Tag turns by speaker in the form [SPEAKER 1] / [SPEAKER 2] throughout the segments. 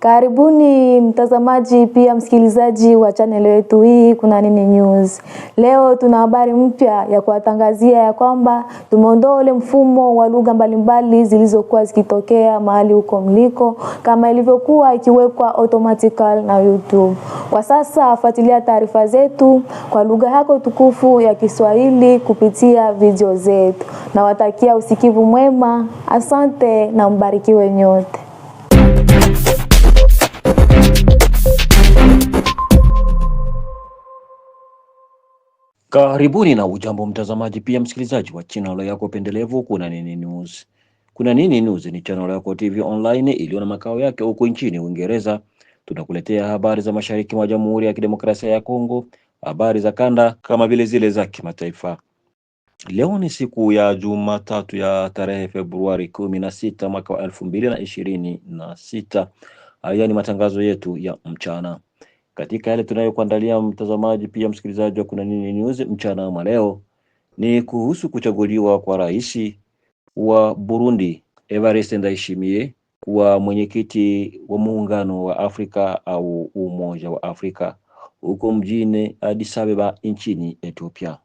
[SPEAKER 1] Karibuni mtazamaji pia msikilizaji wa chaneli yetu hii Kuna Nini News. Leo tuna habari mpya ya kuwatangazia ya kwamba tumeondoa ule mfumo wa lugha mbalimbali zilizokuwa zikitokea mahali huko mliko, kama ilivyokuwa ikiwekwa automatical na YouTube. Kwa sasa fuatilia taarifa zetu kwa lugha yako tukufu ya Kiswahili kupitia video zetu. Nawatakia usikivu mwema, asante na mbarikiwe nyote.
[SPEAKER 2] Karibuni na ujambo mtazamaji, pia msikilizaji wa channel yako pendelevu Kuna Nini News. Kuna Nini News ni channel yako TV online iliyo na makao yake huko nchini Uingereza. Tunakuletea habari za mashariki mwa Jamhuri ya Kidemokrasia ya Kongo, habari za kanda kama vile zile za kimataifa. Leo ni siku ya Jumatatu ya tarehe Februari kumi na sita mwaka wa elfu mbili na ishirini na sita. Haya ni matangazo yetu ya mchana katika yale tunayokuandalia mtazamaji, pia msikilizaji wa Kuna Nini News mchana wa leo ni kuhusu kuchaguliwa kwa rais wa Burundi Evariste Ndayishimiye kuwa mwenyekiti wa muungano wa Afrika au Umoja wa Afrika huko mjini Addis Ababa nchini Ethiopia.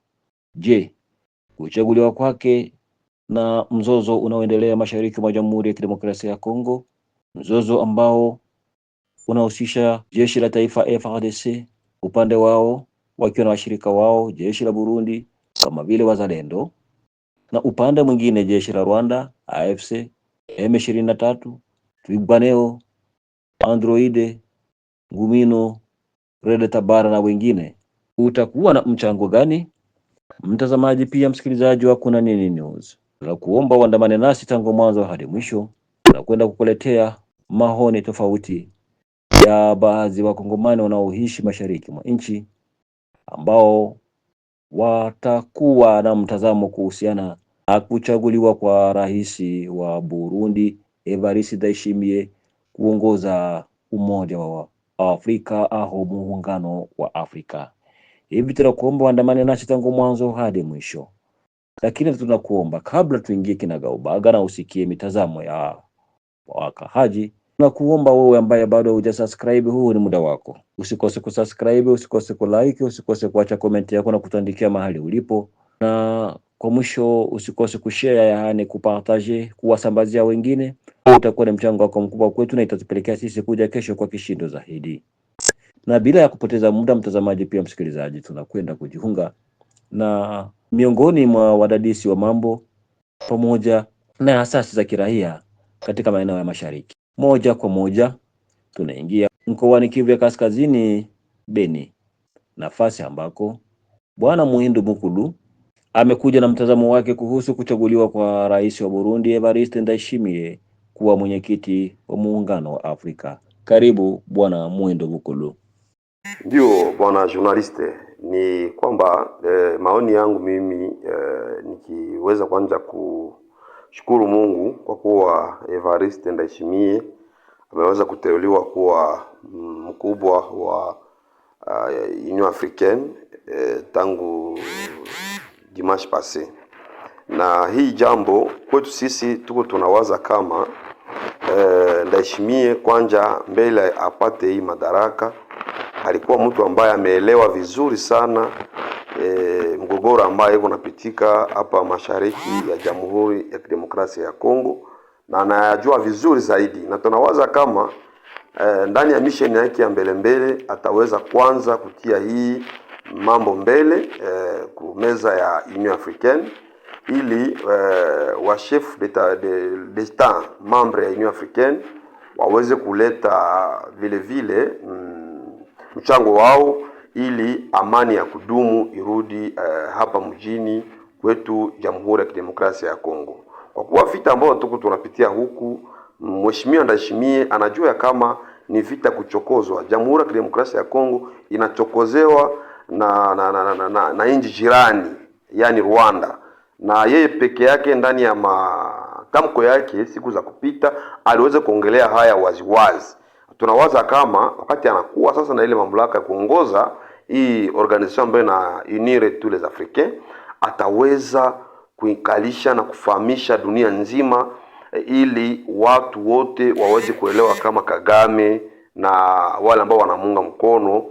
[SPEAKER 2] Je, kuchaguliwa kwake na mzozo unaoendelea mashariki mwa Jamhuri ya Kidemokrasia ya Kongo, mzozo ambao unahusisha jeshi la taifa FARDC upande wao wakiwa na washirika wao jeshi la Burundi kama vile Wazalendo, na upande mwingine jeshi la Rwanda AFC, M23, Twirwaneho, Androide, Ngumino, Red Tabara na wengine. Utakuwa na mchango gani mtazamaji, pia msikilizaji wa Kuna Nini News? Na kuomba uandamane nasi tangu mwanzo hadi mwisho na kwenda kukuletea mahoni tofauti ya baadhi ya wakongomani wanaoishi mashariki mwa nchi ambao watakuwa na mtazamo kuhusiana na kuchaguliwa kwa rais wa Burundi Evariste Ndayishimiye kuongoza Umoja wa Afrika au Muungano wa Afrika. Hivi tunakuomba waandamane nasi tangu mwanzo hadi mwisho, lakini tunakuomba kabla tuingie kinagaubaga na usikie mitazamo ya wakahaji na kuomba wewe ambaye bado hujasubscribe, huu ni muda wako, usikose kusubscribe, usikose kulike, usikose kuacha comment yako na kutuandikia mahali ulipo, na kwa mwisho usikose kushare, yaani kupartage, kuwasambazia wengine. Utakuwa ni mchango wako mkubwa kwetu na itatupelekea sisi kuja kesho kwa kishindo zaidi. Na bila ya kupoteza muda, mtazamaji pia msikilizaji, tunakwenda kujiunga na miongoni mwa wadadisi wa mambo pamoja na asasi za kiraia katika maeneo ya mashariki. Moja kwa moja tunaingia mkoani Kivu ya Kaskazini, Beni, nafasi ambako Bwana Muhindu Mukulu amekuja na mtazamo wake kuhusu kuchaguliwa kwa rais wa Burundi Evariste Ndayishimiye kuwa mwenyekiti wa Muungano wa Afrika. Karibu Bwana Muhindu Mukulu.
[SPEAKER 3] Ndio bwana journaliste, ni kwamba eh, maoni yangu mimi eh, nikiweza kwanza ku Shukuru Mungu kwa kuwa Evariste Ndayishimiye ameweza kuteuliwa kuwa mm, mkubwa wa uh, Union Africaine eh, tangu dimanche passe, na hii jambo kwetu sisi tuko tunawaza kama eh, Ndayishimiye kwanja mbele apate hii madaraka alikuwa mtu ambaye ameelewa vizuri sana e, mgogoro ambayo hivyo unapitika hapa mashariki ya Jamhuri ya Kidemokrasia ya Kongo, na anayajua vizuri zaidi, na tunawaza kama e, ndani ya misheni yake ya mbele mbele ataweza kwanza kutia hii mambo mbele e, meza ya Union Africaine ili e, wa chef d'etat d'etat membre ya Union Africaine waweze kuleta vile vile mm, mchango wao ili amani ya kudumu irudi uh, hapa mjini kwetu Jamhuri ya Kidemokrasia ya Kongo, kwa kuwa vita ambayo tuko tunapitia huku, mheshimiwa Ndashimie anajua kama ni vita kuchokozwa. Jamhuri ya Kidemokrasia ya Kongo inachokozewa na na, na, na, na, na, na nchi jirani yani Rwanda, na yeye peke yake ndani ya matamko yake siku za kupita aliweza kuongelea haya waziwazi Tunawaza kama wakati anakuwa sasa na ile mamlaka ya kuongoza hii organization ambayo na unire tous les africains ataweza kuikalisha na kufahamisha dunia nzima eh, ili watu wote waweze kuelewa kama Kagame na wale ambao wanamuunga mkono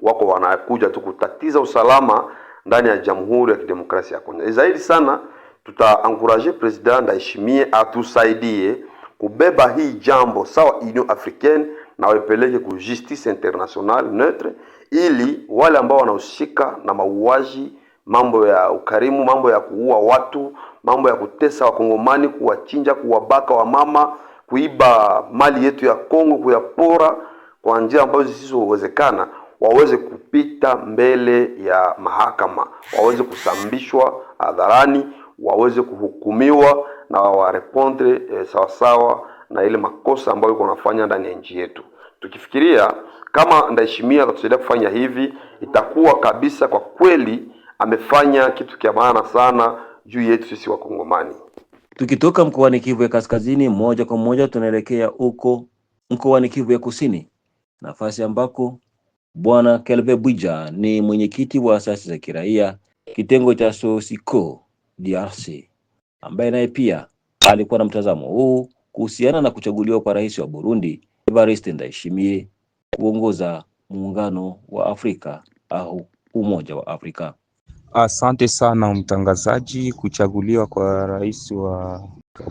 [SPEAKER 3] wako wanakuja tu kutatiza usalama ndani ya Jamhuri ya Kidemokrasia ya Kongo. Zaidi sana tutaankuraje president Ndayishimiye atusaidie kubeba hii jambo sawa Union Africaine na wepeleke ku justice internationale neutre ili wale ambao wanahusika na mauaji, mambo ya ukarimu, mambo ya kuua watu, mambo ya kutesa Wakongomani, kuwachinja, kuwabaka wamama, kuiba mali yetu ya Kongo, kuyapora kwa njia ambazo zisizowezekana waweze kupita mbele ya mahakama, waweze kusambishwa hadharani, waweze kuhukumiwa na wawarepondre eh, sawasawa na ile makosa ambayo iko nafanya ndani ya nchi yetu tukifikiria kama ndaheshimia atatusaidia kufanya hivi, itakuwa kabisa kwa kweli amefanya kitu kya maana sana juu yetu sisi Wakongomani.
[SPEAKER 2] Tukitoka mkoani Kivu ya Kaskazini moja kwa moja tunaelekea huko mkoani Kivu ya Kusini, nafasi ambako Bwana Kelve Bwija ni mwenyekiti wa asasi za kiraia kitengo cha Sosiko DRC, ambaye naye pia alikuwa na mtazamo huu kuhusiana na kuchaguliwa kwa rais wa Burundi Evariste Ndayishimiye kuongoza muungano wa Afrika au Umoja wa Afrika.
[SPEAKER 4] Asante sana mtangazaji. Kuchaguliwa kwa rais wa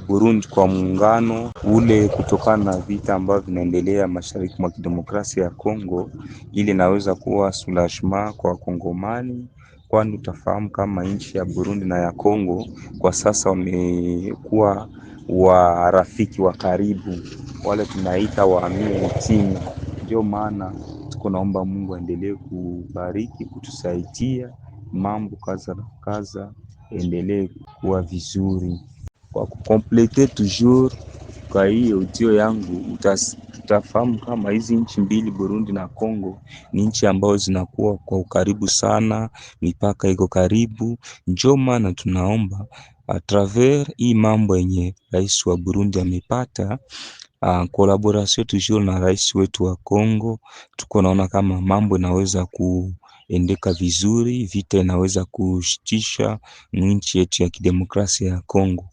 [SPEAKER 4] Burundi kwa muungano ule kutokana na vita ambavyo vinaendelea mashariki mwa kidemokrasia ya Kongo, ili inaweza kuwa sulashma kwa Kongomani kwani utafahamu kama nchi ya Burundi na ya Kongo kwa sasa wamekuwa warafiki wa karibu, wale tunaita waamini timu. Ndio maana tuko naomba Mungu aendelee kubariki kutusaidia, mambo kaza na kaza endelee kuwa vizuri kwa kukomplete toujours kwa hiyo ujio yangu utafahamu kama hizi nchi mbili Burundi na Kongo ni nchi ambazo zinakuwa kwa ukaribu sana, mipaka iko karibu. Ndio maana tunaomba a travers hii mambo yenye rais wa Burundi amepata collaboration toujours na rais wetu wa Kongo, tuko naona kama mambo inaweza ku endeka vizuri, vita inaweza kushitisha nchi yetu ya kidemokrasia ya Kongo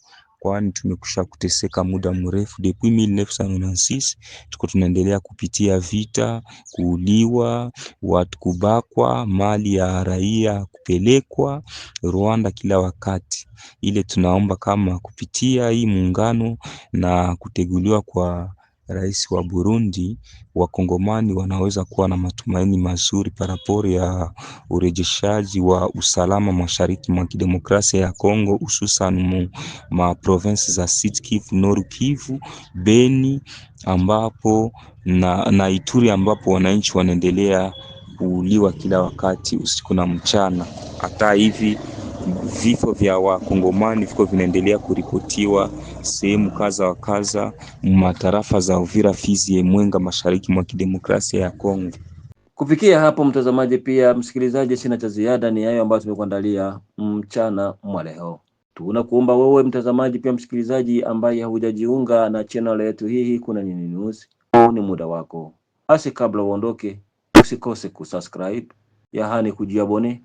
[SPEAKER 4] kwani tumekusha kuteseka muda mrefu depuis 1996 tuko tunaendelea kupitia vita, kuuliwa, watu kubakwa, mali ya raia kupelekwa Rwanda kila wakati. Ile tunaomba kama kupitia hii muungano na kuteguliwa kwa rais wa Burundi, wakongomani wanaweza kuwa na matumaini mazuri parapori ya urejeshaji wa usalama mashariki mwa kidemokrasia ya Kongo, hususan ma province za Sud Kivu, Nord Kivu, Beni ambapo na, na Ituri ambapo wananchi wanaendelea kuuliwa kila wakati usiku na mchana. Hata hivi vifo vya wakongomani viko vinaendelea kuripotiwa sehemu kadha wa kadha matarafa za Uvira, Fizi, Mwenga, mashariki mwa kidemokrasia ya Kongo.
[SPEAKER 2] Kufikia hapo, mtazamaji pia msikilizaji, sina cha ziada, ni hayo ambayo tumekuandalia mchana mwa leo. Tunakuomba wewe mtazamaji pia msikilizaji ambaye hujajiunga na channel yetu hii Kuna Nini News, ni muda wako basi. Kabla uondoke, usikose kusubscribe, yaani kujiabone,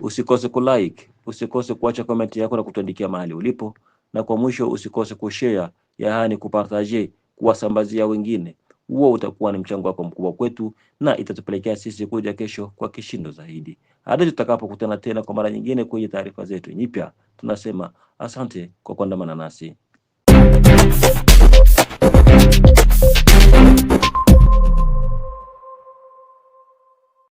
[SPEAKER 2] usikose kulike, usikose kuacha komenti yako na kutuandikia mahali ulipo na kwa mwisho usikose kushare, yaani kupartaje, kuwasambazia wengine. Huo utakuwa ni mchango wako mkubwa kwetu na itatupelekea sisi kuja kesho kwa kishindo zaidi. Hadi tutakapokutana tena kwa mara nyingine kwenye taarifa zetu nyipya, tunasema asante kwa kuandamana nasi.